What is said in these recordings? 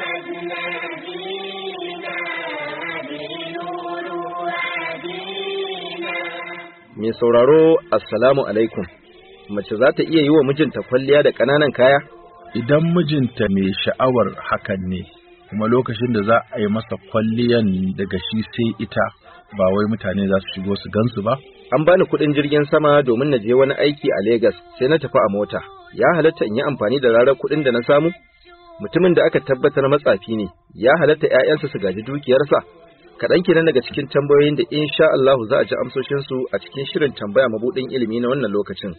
Mai sauraro Assalamu alaikum, mace za ta iya yi wa mijinta kwalliya da ƙananan kaya? Idan mijinta mai sha'awar hakan ne, kuma lokacin da za a yi masa kwalliyan daga shi sai ita ba wai mutane za su shigo su gansu ba. An bani kuɗin jirgin sama domin na je wani aiki a Legas sai na tafi a mota. Ya halatta in yi amfani da rarar kuɗin da na samu? mutumin da aka tabbatar matsafi ne ya halatta ƴaƴansa su gaji dukiyarsa kaɗan kenan daga cikin tambayoyin da insha Allahu za a ji amsoshinsu a cikin shirin tambaya mabuɗin ilimi na wannan lokacin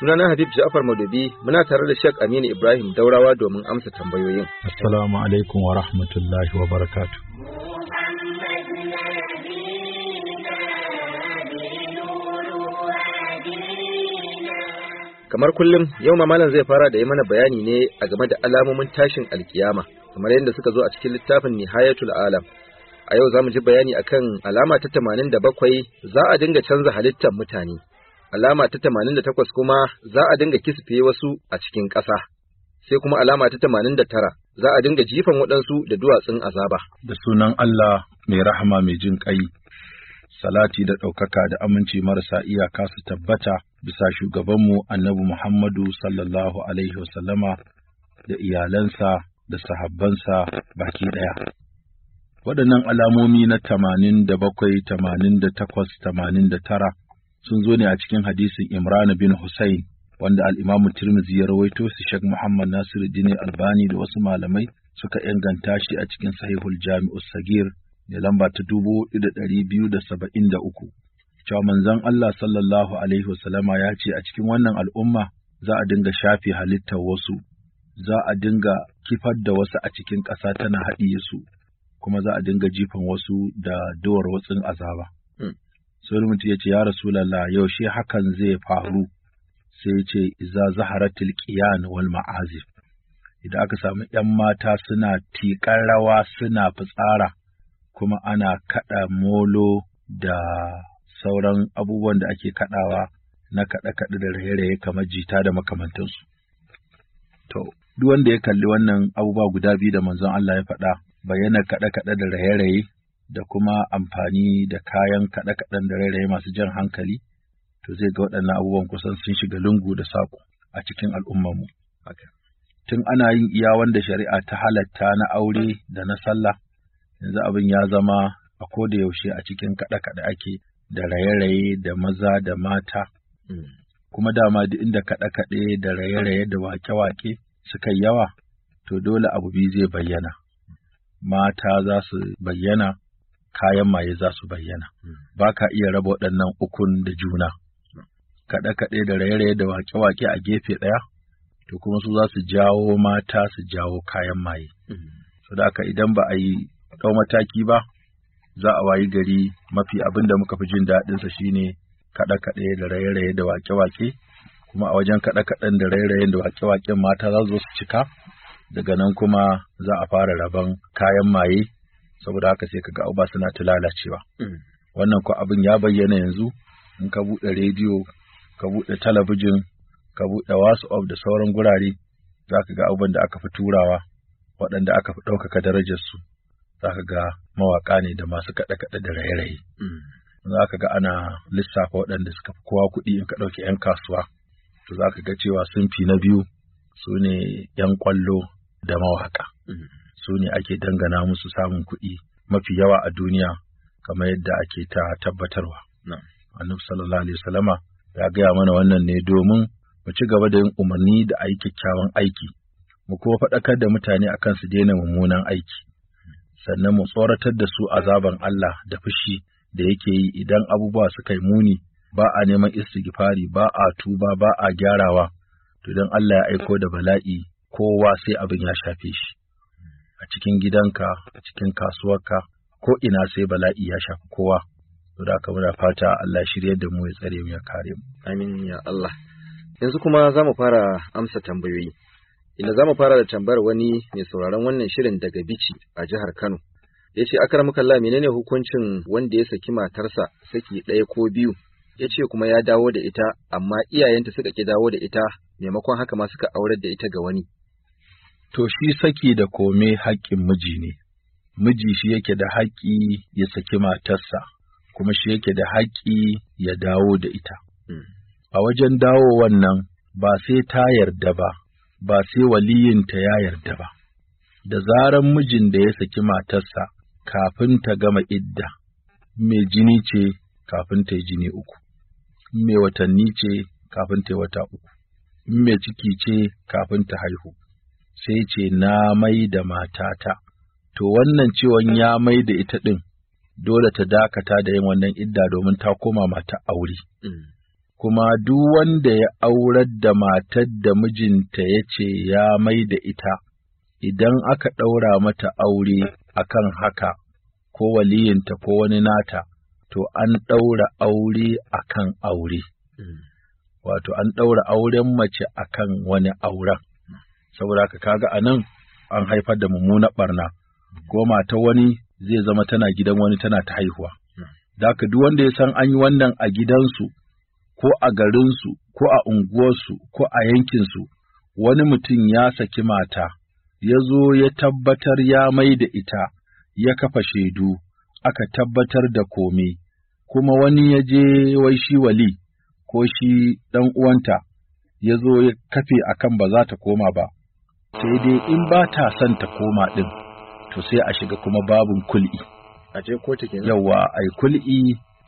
sunana Habib Ja'far Madobi muna tare da Sheikh Aminu Ibrahim Daurawa domin amsa tambayoyin assalamu alaikum wa rahmatullahi wa barakatuh kamar kullum yau malam zai fara da yi mana bayani ne a game da alamomin tashin alkiyama kamar yadda suka zo a cikin littafin nihayatul alam a yau za mu ji bayani akan alama ta tamanin da bakwai za a dinga canza halittar mutane alama ta tamanin da takwas kuma za a dinga kisfe wasu a cikin ƙasa sai kuma alama ta tamanin da tara za a dinga jifan waɗansu da duwatsun azaba da sunan Allah mai rahama mai jin ƙai salati da ɗaukaka da aminci marasa iyaka su tabbata bisa shugabanmu annabi Muhammadu sallallahu Alaihi wasallama da iyalansa da sahabbansa baki ɗaya. Waɗannan alamomi na tamanin da bakwai, tamanin da takwas, tamanin da tara sun zo ne a cikin hadisin Imran bin Hussein wanda al'imamu Tirmidhi ya rawaito su Sheikh Muhammad Nasiru Dini Albani da wasu malamai suka inganta shi a cikin sahihul jami'us sagir da lamba ta dubu da ɗari biyu da saba'in da uku. cewa manzon Allah sallallahu alaihi wasallama ya ce a cikin wannan al'umma za a dinga shafe halittar wasu, za a dinga kifar da wasu a cikin ƙasa tana haɗiye su, kuma za a dinga jifan wasu da duwar watsin azaba. Hmm. Sai mutum ya ce, Ya Rasulallah, yaushe hakan zai faru, sai ya ce, Iza zaharatil qiyan wal ma'azif. Idan aka samu ‘yan mata suna tiƙar rawa suna fitsara, kuma ana kaɗa molo da sauran abubuwan da ake kaɗawa na kaɗe-kaɗe da raye-raye kamar jita da makamantansu. To, duk wanda ya kalli wannan abubuwa guda biyu da manzon Allah ya faɗa, bayyana kaɗe-kaɗe da raye-raye da kuma amfani da kayan kaɗe-kaɗen da raye-raye masu jan hankali, to zai ga waɗannan abubuwan kusan sun shiga lungu da saƙo a cikin al'ummarmu. Tun ana yin iya wanda shari'a ta halatta na aure da na sallah, yanzu abin ya zama a ko yaushe a cikin kaɗe-kaɗe ake da raye-raye da maza da mata. Mm. Kuma dama duk inda kaɗe-kaɗe da raye-raye da wake-wake suka yawa, to dole abu biyu zai bayyana. Mata za su bayyana, kayan maye za su bayyana. Mm. Ba ka iya raba waɗannan ukun da juna. Kaɗe-kaɗe da raye-raye da wake-wake a gefe ɗaya, to kuma su za su jawo mata su jawo kayan maye. Mm. So da idan ba a yi ɗau mataki ba, za a wayi gari mafi abin da muka fi jin daɗinsa shine kaɗe-kaɗe da raye-raye da wake-wake kuma a wajen kaɗe-kaɗen da raye-rayen da wake-waken mata za su cika daga nan kuma za a fara rabon kayan maye saboda haka sai kaga uba suna ta lalacewa mm. wannan ko abin ya bayyana yanzu in ka buɗe rediyo ka buɗe talabijin ka buɗe of da sauran gurare za ka ga abin da aka fi turawa waɗanda aka fi ɗaukaka darajarsu za ka ga mawaƙa ne da masu kaɗe-kaɗe da raye-raye. Mm. Za ka ga ana lissafa waɗanda suka fi kowa kuɗi in ka ɗauki 'yan kasuwa, to za ka ga cewa sun fi na biyu su ne 'yan ƙwallo da mawaƙa. Mm. Su ne ake dangana musu samun kuɗi mafi yawa a duniya kamar yadda ake ta tabbatarwa. Annabi sallallahu alaihi wasallama ya gaya mana wannan ne domin mu ci gaba da yin umarni da aiki kyawun aiki mu kuma faɗakar da mutane akan su daina mummunan aiki sannan mu tsoratar da su azaban Allah da fushi da yake yi idan abubuwa suka yi muni ba a neman istighfari ba a tuba ba a gyarawa to don Allah ya aiko da bala'i kowa sai abin ya shafe shi a cikin gidanka a cikin kasuwarka ko ina sai bala'i ya shafi kowa to da muna fata Allah shirye da mu ya tsare mu ya kare mu amin ya Allah yanzu kuma za mu fara amsa tambayoyi inda za mu fara da tambayar wani mai sauraron wannan shirin daga Bici a jihar Kano. Ya ce, Akaramakalla menene hukuncin wanda ya saki matarsa saki ɗaya ko biyu, ya ce kuma ya dawo da ita, amma iyayenta suka ƙi dawo da ita, maimakon haka ma suka aurar da ita ga wani. To shi saki da kome haƙƙin miji ne, miji shi yake da haƙƙi ya saki matarsa, kuma shi yake da haƙƙi ya dawo da ita. Hmm. A wajen dawo wannan ba sai ta yarda ba, ba sai waliyinta ya yarda ba, da zaran mijin da ya saki matarsa kafin ta gama idda, mai jini ce kafin ta yi jini uku, mai watanni ce kafin ta yi wata uku, mai ciki ce kafin ta haihu, sai ce na mai da matata, to wannan ciwon ya mai da ita ɗin dole ta dakata da yin wannan idda domin ta koma mata aure. Mm. kuma duk wanda ya aurar da matar da mijinta ya ce ya mai da ita, idan aka ɗaura mata aure a kan haka, ko waliyinta ko wani nata, to an ɗaura aure a kan aure. Wato, an ɗaura auren mace a kan wani auren, saboda ka kaga a nan an haifar da mummuna ɓarna, ko mata wani zai zama tana gidan wani tana ta haihuwa. zaka duk wanda ya san an yi wannan a gidansu, ko a garinsu ko a unguwarsu ko a yankinsu wani mutum ya saki mata, ya zo ya tabbatar ya mai da ita, ya kafa shaidu, aka tabbatar da kome, kuma wani ya je wai shi wali ko shi ɗan uwanta, ya zo ya kafe akan ba za ta koma ba, sai dai in ba ta son ta koma ɗin, to sai a shiga kuma babin kul'i. A ce ko Yawwa, ai kul'i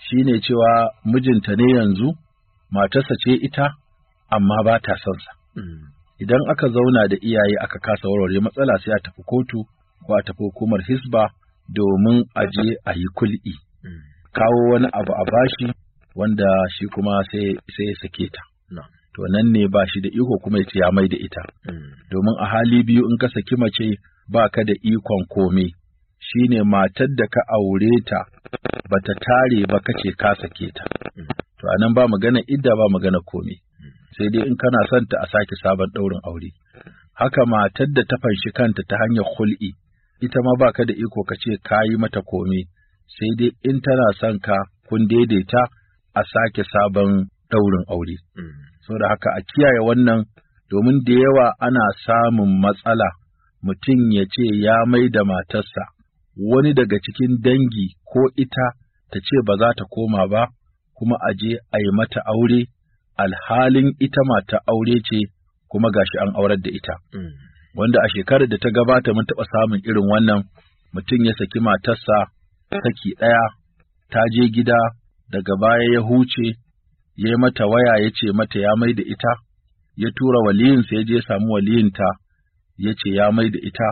shine cewa mijinta ne yanzu, matarsa ce ita amma ba ta son sa idan aka zauna da iyaye aka kasa warware matsala sai a tafi kotu ko a tafi hukumar hisba domin a je a yi kul'i kawo wani abu a bashi wanda shi kuma sai ya sake ta to nan ne ba shi da iko kuma ya ce ya mai da ita mm. domin a hali biyu in ka saki mace ba ka da ikon komai shine matar da ka aure ta bata tare ba kace ka sake ta to anan ba magana idda ba magana komai sai dai in kana son ta a sake sabon daurin aure haka matar da ta fanshi kanta ta hanyar hul'i ita ma baka da iko kace kayi mata komai sai dai in tana son ka kun daidaita a sake sabon daurin aure saboda haka a kiyaye wannan domin da yawa ana samun matsala mutum ya ce ya mai da matarsa wani daga cikin dangi ko ita ta ce ba za ta koma ba, kuma a je a yi mata aure, alhalin ita mata aure ce kuma gashi an aurar da ita. Mm. Wanda a shekarar da ta gabata mun taɓa samun irin wannan mutum ya saki matarsa saki ɗaya, ta je gida daga baya ya huce, ya yi mata waya ya ce mata ya mai da ita, ya tura waliyinsa ya je samu waliyinta ya ce ya mai da ita,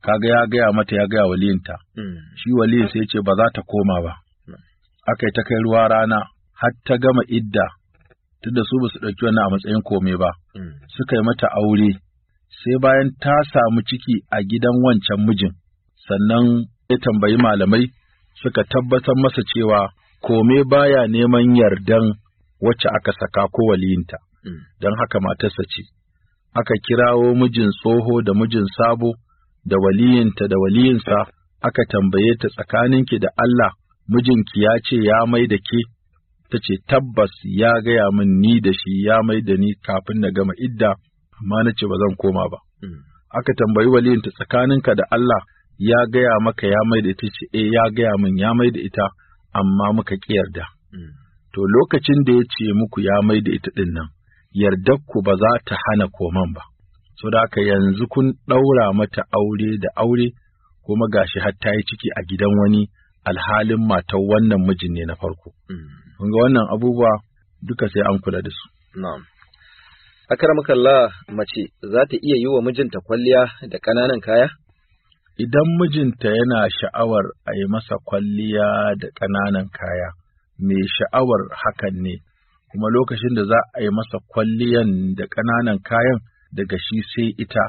kaga ya gaya mata ya gaya waliyinta hmm. shi waliyin sai ce ba za ta koma ba hmm. aka yi ta kai ruwa rana har ta gama idda tunda su ba su ɗauki wannan a matsayin kome ba hmm. suka yi mata aure sai bayan ta samu ciki a gidan wancan mijin sannan ya tambayi malamai suka tabbatar masa cewa kome baya neman yardan wacce aka saka ko waliyinta don haka matarsa ce aka kirawo mijin tsoho da mijin sabo da waliyinta da waliyinsa aka tambaye ta tsakaninki da Allah mijinki ya ce ya mai da ke ta ce tabbas ya gaya min ni da shi ya mai da ni kafin na gama idda amma na ce ba zan koma ba hmm. aka tambayi waliyinta tsakaninka da Allah ya gaya maka ya mai da ita ce eh ya gaya min ya mai da ita amma muka ki yarda hmm. to lokacin da ya ce muku ya mai da ita dinnan, nan yardar ku ba za ta hana koman ba so da haka yanzu kun ɗaura mata aure da aure kuma gashi har ta yi ciki a gidan wani alhalin matan wannan mijin ne na farko. Mm. Kun ga wannan abubuwa duka sai an kula da su. Na'am. Akramakallah mace za ta iya yi wa mijinta kwalliya da ƙananan kaya? Idan mijinta yana sha'awar a yi masa kwalliya da ƙananan kaya, me sha'awar hakan ne, kuma lokacin da za a yi masa kwalliyan da ƙananan kayan daga shi sai ita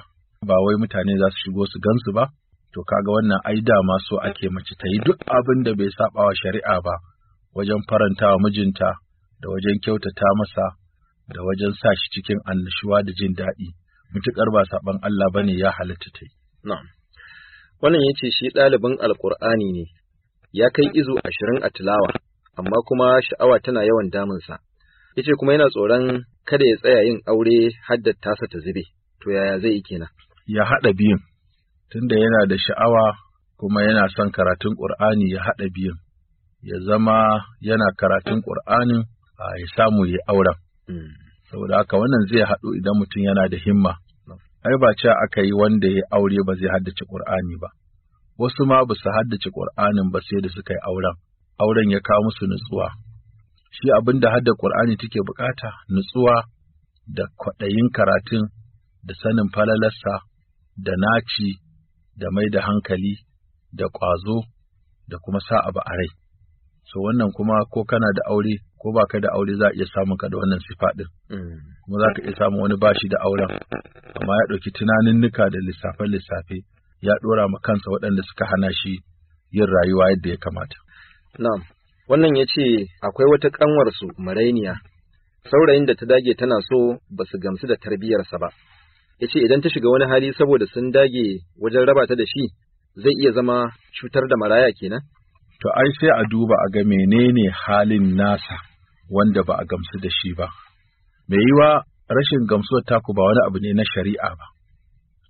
ba wai mutane za su shigo su gansu ba to kaga wannan ai dama so ake mace ta yi duk abin da bai saba wa shari'a ba wajen faranta wa mijinta da wajen kyautata masa da wajen sa shi cikin annashuwa da jin daɗi mutukar ba saban Allah bane ya halatta ta yi na'am wannan yace shi ɗalibin alƙur'ani ne ya kai izo ashirin a tilawa amma kuma sha'awa tana yawan damunsa yace kuma yana tsoron kada ya tsaya yin aure haddar tasa ta zube to yaya zai yi kenan ya haɗa biyun tunda yana da sha'awa kuma yana son karatun Qur'ani ya haɗa biyun ya zama yana karatun Qur'anin a ya samu ya auren hmm. saboda haka wannan zai haɗu idan mutum yana da himma ai ba ce aka yi wanda ya aure ba zai haddace Qur'ani ba wasu ma ba su haddace Qur'anin ba sai da suka yi auren auren ya kawo musu nutsuwa shi abin da haddar Ƙur'ani take bukata nutsuwa da kwaɗayin karatun da sanin falalarsa da naci da mai da hankali da ƙwazo da kuma sa abu a rai. So wannan kuma ko kana da aure ko ba ka da aure za a iya samun ka da wannan sifa ɗin. Mm. Kuma za ka iya samun wani bashi da auren amma ya ɗauki tunanin nuka da lissafe-lissafe ya ɗora ma kansa waɗanda suka hana shi yin rayuwa yadda ya kamata. Na'am. wannan ya ce akwai wata ƙanwarsu marainiya saurayin da ta dage tana so ba su gamsu da tarbiyyarsa ba ya ce idan ta shiga wani hali saboda sun dage wajen raba ta da shi zai iya zama cutar da maraya kenan to ai sai a duba a ga menene halin nasa wanda ba a gamsu da shi ba mai yiwa rashin gamsuwar taku ba wani abu ne na shari'a ba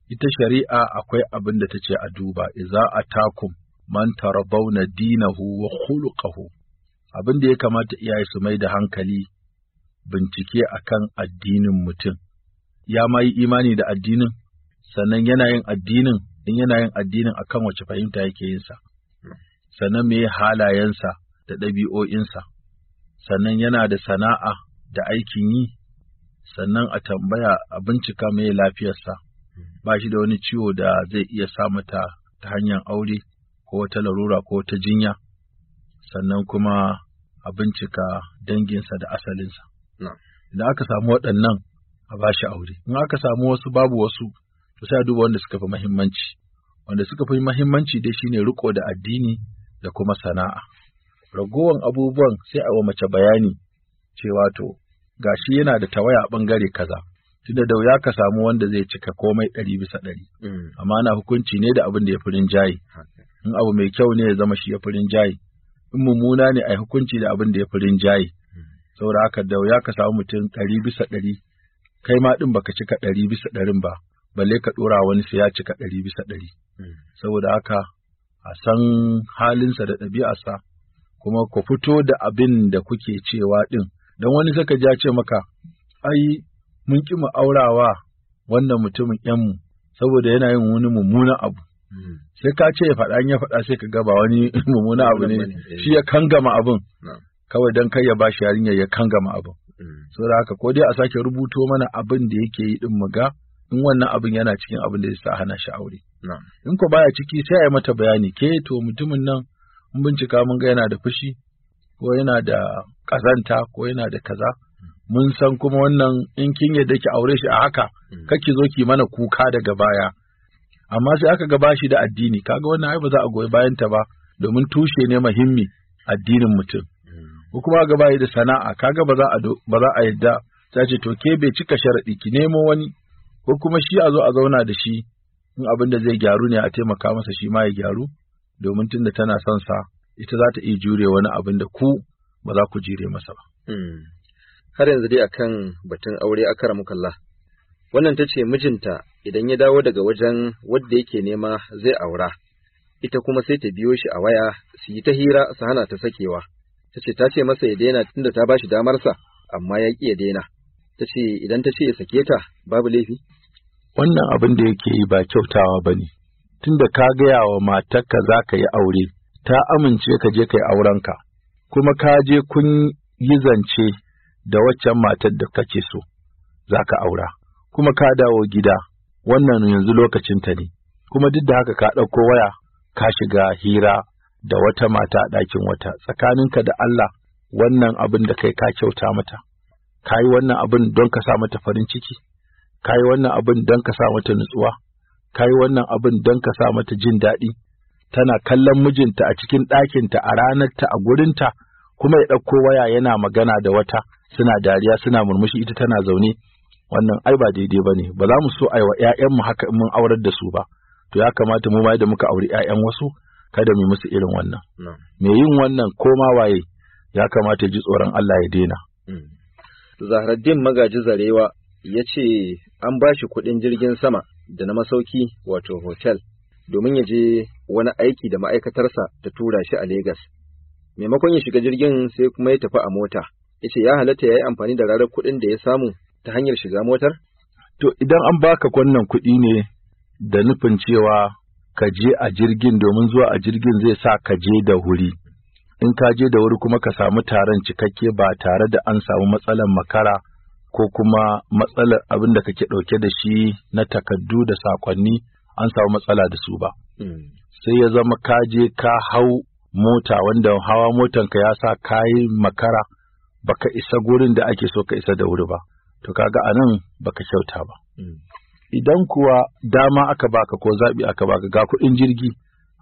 ita shari'a akwai abin da ta ce a duba iza atakum man tarabawna dinahu wa khuluquhu abin da ya kamata iyaye su mai da hankali bincike akan addinin mutum, ya ma yi imani da addinin, sannan yana yin addinin in yana yin addinin akan wace fahimta yake yinsa, sannan me halayensa da ɗabi'o'insa, sannan yana da sana'a da aikin yi, sannan a tambaya a bincika me lafiyarsa, ba shi da wani ciwo da zai iya sa mata ta hanyar aure ko ta larura ko ta jinya. sannan kuma a bincika danginsa da asalinsa. Idan aka samu waɗannan a ba shi aure, in aka samu wasu babu wasu, to sai a duba wanda suka fi mahimmanci. Wanda suka fi mahimmanci dai shine riko da addini da kuma sana'a. Ragowan abubuwan sai a wa mace bayani cewa to gashi yana da tawaya bangare kaza. Tunda da wuya ka samu wanda zai cika komai ɗari bisa ɗari. Mm. Amma na hukunci ne da abin da ya fi rinjaye. In abu mai kyau ne ya zama shi ya fi rinjaye. in mummuna ne a hukunci da abin da ya fi rinjaye saboda haka da ya ka samu mutum ɗari bisa ɗari kai ma ɗin baka cika ɗari bisa ɗarin ba balle ka ɗora wani sai ya cika ɗari bisa ɗari saboda haka a san halinsa da ɗabi'arsa kuma ku fito da abin da kuke cewa ɗin don wani saka ja ce maka ai mun ƙi mu aurawa wannan mutumin ƴanmu saboda yana yin wani mummunan abu Hmm. sai ka ce ya faɗa ya faɗa sai ka gaba wani mummuna abu ne eh. shi ya kangama abin kawai don kai ya bashi yarinya ya kangama abin hmm. da haka ko dai a sake rubuto mana abin da yake yi din muga, in wannan abin yana cikin abin da ya sa hana shi aure in ko baya ciki sai a yi mata bayani ke to mutumin nan in bincika mun ga yana da fushi ko yana da kazanta ko yana da kaza mun san kuma wannan in kin yadda ki aure shi a haka hmm. kake zo ki mana kuka daga baya amma sai aka gaba shi da addini kaga wannan ai ba za a goyi bayan ta ba domin tushe ne muhimmi addinin mutum ko kuma aka gaba da sana'a kaga ba za a ba za a yadda ta ce to ke bai cika sharadi ki nemo wani ko kuma shi a zo a zauna da shi in abin da zai gyaru ne a taimaka masa shi ma ya gyaru domin tunda tana son sa ita za ta iya jure wani abin da ku ba za ku jure masa ba hmm. har yanzu dai akan batun aure akaramu mukalla wannan ta ce mijinta idan ya dawo daga wajen wadda yake nema zai aura ita kuma sai ta biyo shi a waya su yi ta hira su hana ta sakewa ta ce ta ce masa ya daina tunda ta ba bashi damarsa amma ya ƙi ya daina ta ce idan ta ce ya sake ta babu laifi wannan abin da yake yi ba kyautawa ba ne tunda ka gaya wa matarka za ka yi aure ta amince ka je ka yi aurenka kuma ka je kun yi zance da waccan matar da kake so za ka aura kuma ka dawo gida wannan yanzu lokacin ta ne kuma duk da haka ka ɗauko waya ka shiga hira da wata mata a ɗakin wata tsakaninka da Allah wannan abin da kai ka kyauta mata ka yi wannan abin don ka sa mata farin ciki ka yi wannan abin don ka sa mata nutsuwa ka yi wannan abin don ka sa mata jin daɗi tana kallon mijinta a cikin ɗakinta a ranar ta, a gurin ta, kuma ya ɗauko waya yana magana da wata suna dariya suna murmushi ita tana zaune wannan ai ba daidai ba ne ba za mu so aiwa 'ya'yan mu haka in mun aurar da su ba to ya kamata mu ma da muka auri ‘ya'yan wasu kada mu musu irin wannan me yin wannan koma ma waye ya kamata ji tsoron Allah ya daina mm. Zahraddin magaji zarewa ya ce an ba shi kuɗin jirgin sama da na masauki wato hotel domin ya je wani aiki da ma'aikatarsa ta tura shi a Legas. Maimakon ya shiga jirgin sai kuma ya tafi a mota. Ya ce ya halatta ya yi amfani da rarar kuɗin da ya samu ta hanyar shiga motar? To idan an baka wannan kuɗi ne da nufin cewa ka je a jirgin domin zuwa a jirgin zai sa ka je da wuri. In ka je da wuri kuma ka samu taron cikakke ba tare da an samu matsalar makara ko kuma matsalar abin da kake ɗauke da shi na takaddu da sakonni an samu matsala da su ba. Hmm. Sai ya zama ka je ka hau mota wanda hawa motanka ya sa ka yi makara baka isa gurin da ake so ka isa da wuri ba. to kaga anan baka kyauta ba mm. idan kuwa dama aka baka ko zaɓi aka baka ga kuɗin jirgi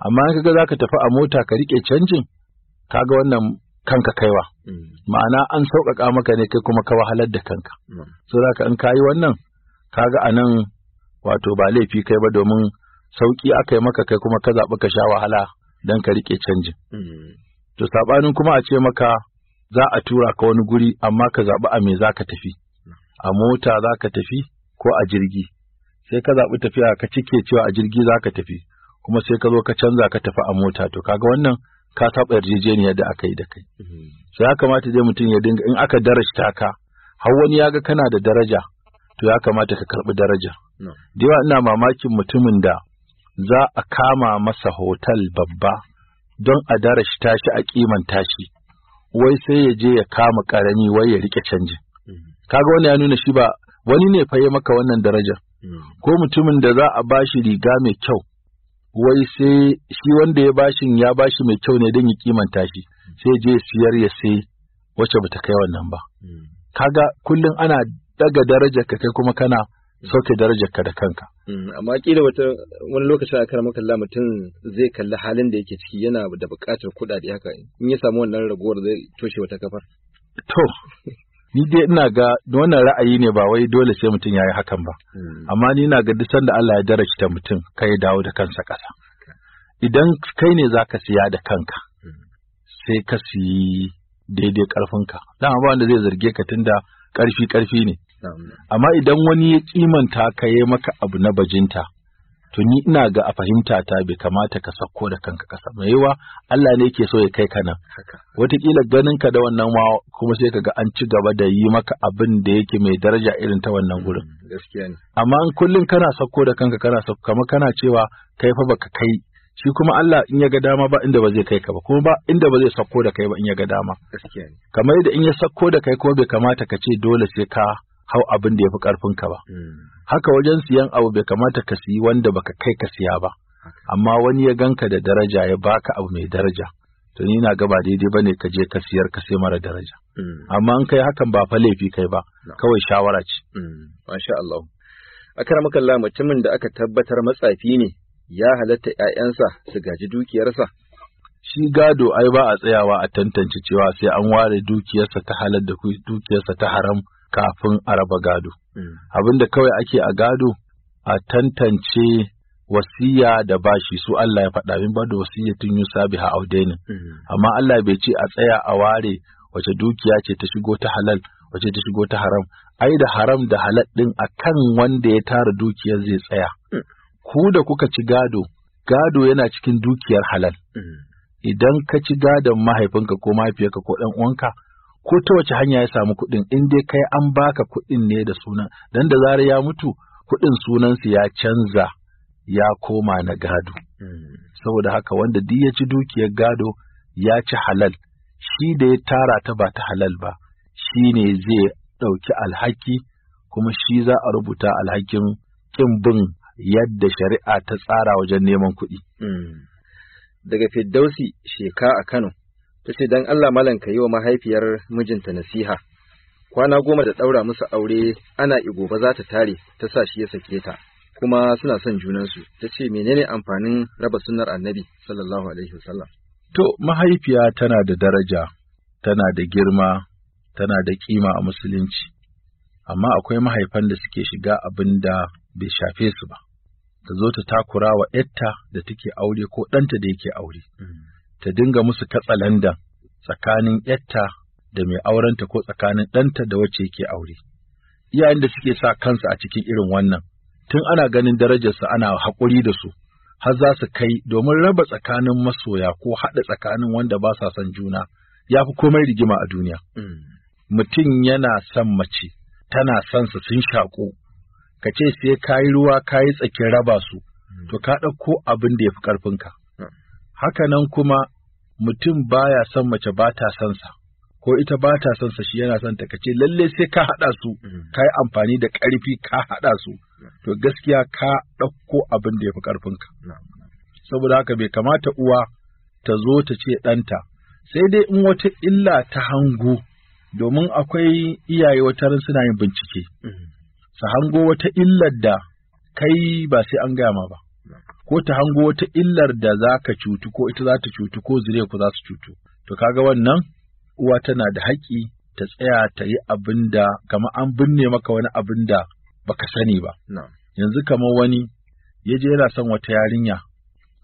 amma in kaga zaka tafi a mota ka rike canjin kaga wannan kanka kaiwa mm. ma'ana an sauƙaƙa maka ne kai kuma ka wahalar da kanka mm. so zaka in kayi wannan kaga anan wato ba laifi kai ba domin sauƙi aka yi maka kai kuma ka zaɓi ka sha wahala don ka riƙe canjin. To saɓanin kuma a ce maka za a tura ka wani guri amma ka zaɓi a me za ka tafi. a mota za ka tafi ko a jirgi sai ka zaɓi tafiya ka cike cewa a jirgi za ka tafi kuma sai ka zo ka canza ka tafi a mota to kaga wannan ka saba yarjejeniyar da aka yi da kai so ya kamata dai mutum ya dinga in aka ta ka har wani ya ga kana da daraja to ya kamata ka karɓi daraja. da yawa ina mamakin mutumin da za a kama masa hotel babba don a darashta shi a kiman tashi wai sai ya je ya kama karami wai ya rike canjin kaga wani ya nuna shi ba wani ne fa ya maka wannan daraja ko mutumin da za a bashi riga mai kyau wai sai shi wanda ya bashin ya bashi mai kyau ne don ya kimanta shi sai je siyar ya sai wacce bata kai wannan ba kaga kullum ana daga daraja ka kai kuma kana sauke darajar ka da kanka amma kila wata wani lokaci a karamar makalla mutum zai kalli halin da yake ciki yana da buƙatar kuɗaɗe haka in ya samu wannan ragowar zai toshe wata kafar to ni dai ina ga wannan ra'ayi ne ba wai dole sai mutum ya yi hakan ba hmm. amma ni ina ga duk sanda Allah ya ta mutum kai dawo da kansa kasa. idan kai ne zaka siya da kanka hmm. sai ka siyi daidai ƙarfinka dan ba wanda zai zarge ka tunda ƙarfi ƙarfi ne amma idan wani ya kimanta ka yi maka abu na bajinta to ni ina ga a fahimta ta bai kamata ka sako da kanka kasa mai yawa Allah ne yake so ya kai ka nan wataƙila ganin ka da wannan ma kuma sai ka ga an ci gaba da yi maka abin da yake mai daraja irin ta wannan gurin mm, gaskiya ne amma in kullun kana sako da kanka kana sako kamar kana cewa kai fa baka kai shi kuma Allah in ya ga dama ba inda ba zai kai ka ba kuma ba inda ba zai sako da kai ba in ya ga dama gaskiya ne kamar yadda in ya sako da kai kuma bai kamata ka ce dole sai ka hau abin da ya fi ƙarfinka ba. Mm. haka wajen siyan abu bai kamata ka siyi wanda baka kai ka siya ba amma wani ya ganka da daraja ya baka abu mai daraja to ni na gaba daidai bane ka je ka siyar ka sai mara daraja mm. amma an kai hakan ba fa laifi kai ba kawai shawara ce mm. masha Allah akramakallah mutumin da aka tabbatar matsafi ne ya halatta ƴaƴansa su gaji dukiyarsa shi gado ai ba a tsayawa a tantance cewa sai an ware dukiyarsa ta halal da dukiyarsa ta haram kafin a raba gado. Hmm. Abin da kawai ake a gado a tantance wasiya da bashi su Allah ya faɗa min ba da yi yusa biha a'udeni. Hmm. amma Allah bai ce a tsaya a ware wace dukiya ce ta shigo ta halal wace ta shigo ta haram ai da haram da halal ɗin a kan wanda ya tara dukiyar zai tsaya hmm. ku da kuka ci gado gado yana cikin dukiyar halal idan ka ci gadon mahaifinka ko mahaifiyarka ko ɗan uwanka ko ta wace hanya ya samu kuɗin in dai kai an baka kuɗin ne da sunan dan da zara ya mutu kuɗin sunansu ya canza ya koma na gado saboda haka wanda duk ya ci dukiyar gado ya ci halal shi da ya tara ta ba ta halal ba shi ne zai ɗauki alhaki kuma shi za a rubuta alhakin kin bin yadda shari'a ta tsara wajen neman kuɗi. Hmm. Daga Firdausi sheka a Kano, ta ce don Allah malam ka yi wa mahaifiyar mijinta nasiha kwana goma da ɗaura musu aure ana ba za ta tare ta sa shi ya sake ta kuma suna son junansu ta ce menene amfanin raba sunar annabi sallallahu alaihi wasallam to mahaifiya tana da daraja tana da girma tana da kima a musulunci amma akwai mahaifan da suke shiga abin da bai shafe su ba ta zo ta takura wa ‘yarta da take aure ko ɗanta da yake aure. Mm. ta dinga musu katsalandan tsakanin yatta da mai aurenta ko tsakanin ɗanta da wacce yake aure. Iyayen da suke sa kansu a cikin irin wannan, tun ana ganin darajarsa ana haƙuri da su, har za su kai domin raba tsakanin masoya ko haɗa tsakanin wanda ba sa son juna, ya fi komai rigima a duniya. Mm. Mutum yana son mace, tana son su sun shaƙo, ka ce sai ka ruwa ka tsakin raba su, mm. to ka ɗauko abin da ya fi ƙarfinka. Haka nan kuma mutum baya son mace ba ta son sa ko ita ba ta son sa shi yana son ta kace lalle sai ka haɗa su mm. ka yi amfani da ƙarfi ka haɗa su to gaskiya ka ɗauko abin da ya fi ƙarfinka saboda haka bai kamata uwa ta zo ta ce ɗanta sai dai in wata illa ta hango domin akwai iyaye wata suna yin bincike mm. su hango wata illar da kai ba sai an ma ba ko ta hango wata illar da za ka cutu ko ita za ta cutu ko zire ku za su cutu. To kaga wannan uwa tana da haƙƙi ta tsaya ta yi abin da kama an binne maka wani abin da baka sani ba. Yanzu kamar wani ya je yana son wata yarinya,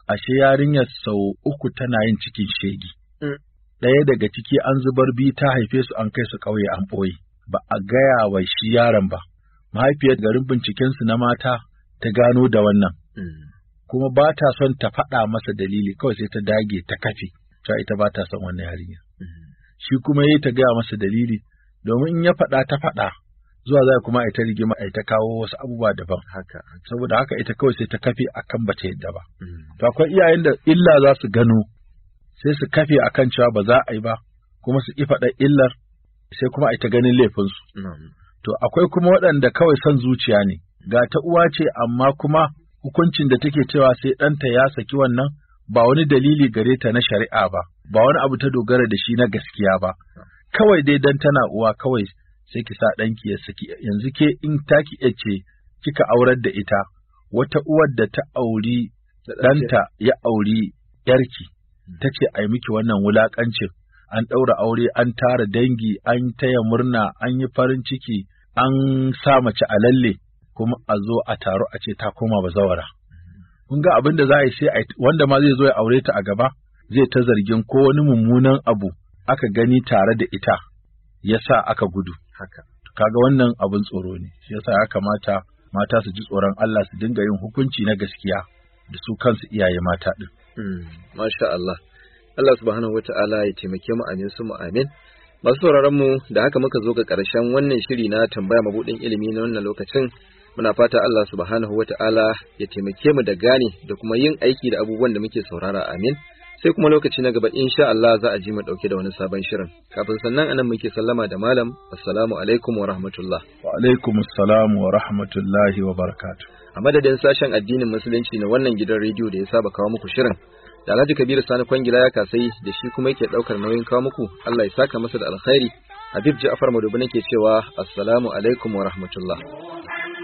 ashe yarinya sau uku tana yin cikin shegi. Mm. Ɗaya daga ciki an zubar biyu ta haife su an kai su ƙauye an ɓoye, ba a gaya wa shi yaron ba. Mahaifiyar garin bincikensu na mata ta gano da wannan. Mm. kuma ba ta son ta faɗa masa dalili kawai sai ta dage ta kafe ta ita ba ta son wannan yarinya shi kuma yayi ta gaya masa dalili domin in ya faɗa ta faɗa zuwa za kuma ita rigima ita kawo wasu abubuwa daban haka saboda haka ita kawai sai ta kafe akan ba ta yadda ba mm. to akwai iyayen da illa za su gano sai su kafe akan cewa ba za a yi ba kuma su ki illar sai kuma ita ganin laifinsu mm. to akwai kuma waɗanda kawai son zuciya ne ga ta uwa ce amma kuma hukuncin da take cewa sai ɗanta ya saki wannan ba wani dalili gare ta na shari'a ba, ba wani abu ta dogara da shi na gaskiya ba, kawai dai dan tana uwa kawai sai ki sa ɗanki ya saki, yanzu ke in taki ki ce kika aurar da ita, wata uwar da ta auri ɗanta ya auri ‘yarki, ta ce a yi miki wannan wulaƙancin, an ɗaura aure, an tara dangi, an taya murna, an yi farin ciki, an sa mace a lalle, kuma a zo a taro a ce ta koma ba zawara. kun ga abin da za a yi sai wanda ma zai zo ya aure ta a gaba zai ta zargin ko wani mummunan abu aka gani tare da ita ya sa aka gudu haka kaga wannan abin tsoro ne shi yasa ya kamata mata su ji tsoron Allah su dinga yin hukunci na gaskiya da su kansu iyaye mata ɗin. Hmm, masha Allah Allah subhanahu ala ya taimake mu amin su mu amin masu sauraron mu da haka muka zo ga ƙarshen wannan shiri na tambaya mabudin ilimi na wannan lokacin muna fata Allah subhanahu ta'ala ya taimake mu da gane da kuma yin aiki da abubuwan da muke saurara amin sai kuma lokaci na gaba insha Allah za a ji mu dauke da wani sabon shirin kafin sannan anan muke sallama da malam assalamu alaikum wa rahmatullah wa alaikum assalam wa rahmatullahi wa barakatuh a madadin sashen addinin musulunci na wannan gidan rediyo da ya saba kawo muku shirin da Alhaji Kabiru Sani Kwangila ya kasai da shi kuma yake daukar nauyin kawo muku Allah ya saka masa da alkhairi Habib Ja'far Madubi nake cewa assalamu alaikum wa rahmatullah